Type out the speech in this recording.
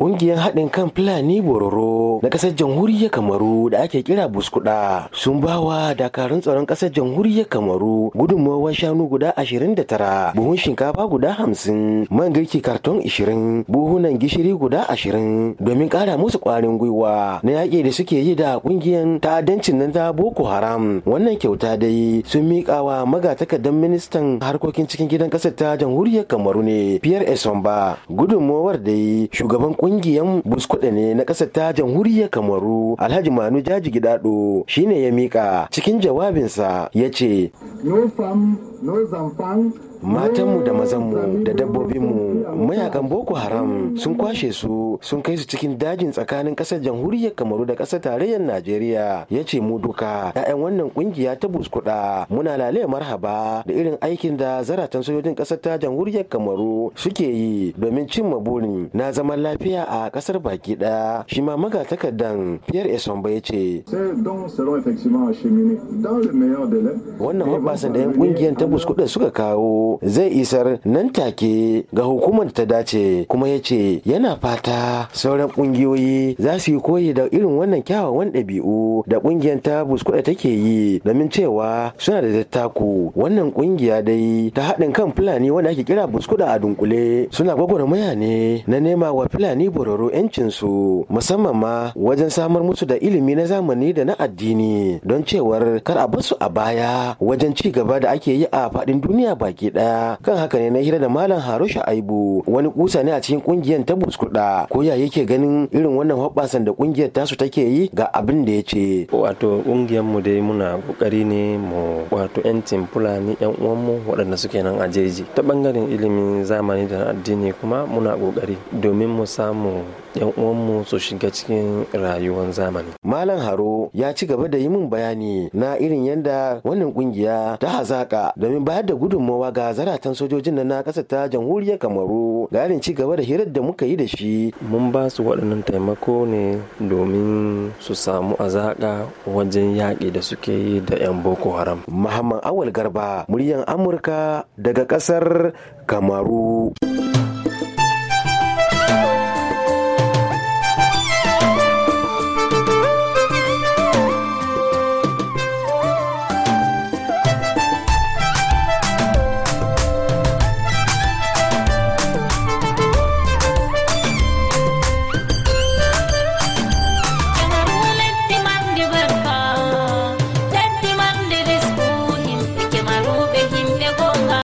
Ƙungiyar haɗin kan Fulani Bororo na ƙasar jamhuriyar Kamaru da ake kira Buskuɗa sun bawa dakarun tsaron ƙasar jamhuriyar Kamaru gudunmawar shanu guda 29, buhun shinkafa guda 50, man girki karton 20, buhunan gishiri guda 20 domin ƙara musu ƙwarin gwiwa na yaƙi da suke yi da ƙungiyar ta'addancin nan ta Boko Haram. Wannan kyauta dai sun miƙa wa magatakardan ministan harkokin cikin gidan ƙasar ta jamhuriyar Kamaru ne Pierre Esomba. Gudunmawar dai shugaban kungiyan buskuɗe ne na ƙasar ta jamhuriyar kamaru alhaji manu jaji gidado shine ya mika cikin jawabinsa ya ce matanmu da mazanmu da dabbobinmu mayakan boko haram sun kwashe su sun kai su cikin dajin tsakanin kasar jamhuriyar kamaru da ƙasar tarayyar najeriya ya ce mu duka 'ya'yan wannan ƙungiya ta buskuda muna lalaye marhaba da irin aikin da zaratan sojojin kasar ta jamhuriyar kamaru suke yi domin cimma burin na zaman lafiya a kasar baki daya shi ma magatakardan Pierre Esomba ya ce wannan hoɓɓasan da 'yan kungiyar ta buskuɗa suka kawo zai isar nan take ga hukumar ta dace kuma ya ce yana fata sauran kungiyoyi za su yi koyi da irin wannan kyawawan ɗabi'u da kungiyar ta buskuɗa take yi domin cewa suna da tattaku wannan kungiya dai ta haɗin kan fulani wanda ake kira buskuɗa a dunkule suna gwagwarmaya ne na nema wa fulani Fulani Bororo yancinsu musamman ma wajen samar musu da ilimi na zamani da na addini don cewar kar a basu a baya wajen ci gaba da ake yi a faɗin duniya baki ɗaya kan haka ne na hira da Malam Harusha Aibu wani kusa ne a cikin kungiyar ta Buskuɗa ko ya yake ganin irin wannan hoɓɓasan da kungiyar tasu take yi ga abin da ya ce. Wato kungiyar mu dai muna kokari ne mu wato yancin Fulani yan uwanmu waɗanda suke nan a jeji ta bangaren ilimin zamani da addini kuma muna kokari domin mu samu samu yan uwanmu su shiga cikin rayuwar zamani. Malam Haro ya ci gaba da yi min bayani na irin yadda wannan kungiya ta hazaka domin bayar da gudunmawa ga zaratan sojojin na kasa ta jamhuriyar Kamaru Da irin ci gaba da hirar da muka yi da shi. Mun ba su waɗannan taimako ne domin su samu azaka wajen yaƙi da suke yi da 'yan Boko Haram. Muhammad Awal Garba, muryar Amurka daga ƙasar Kamaru.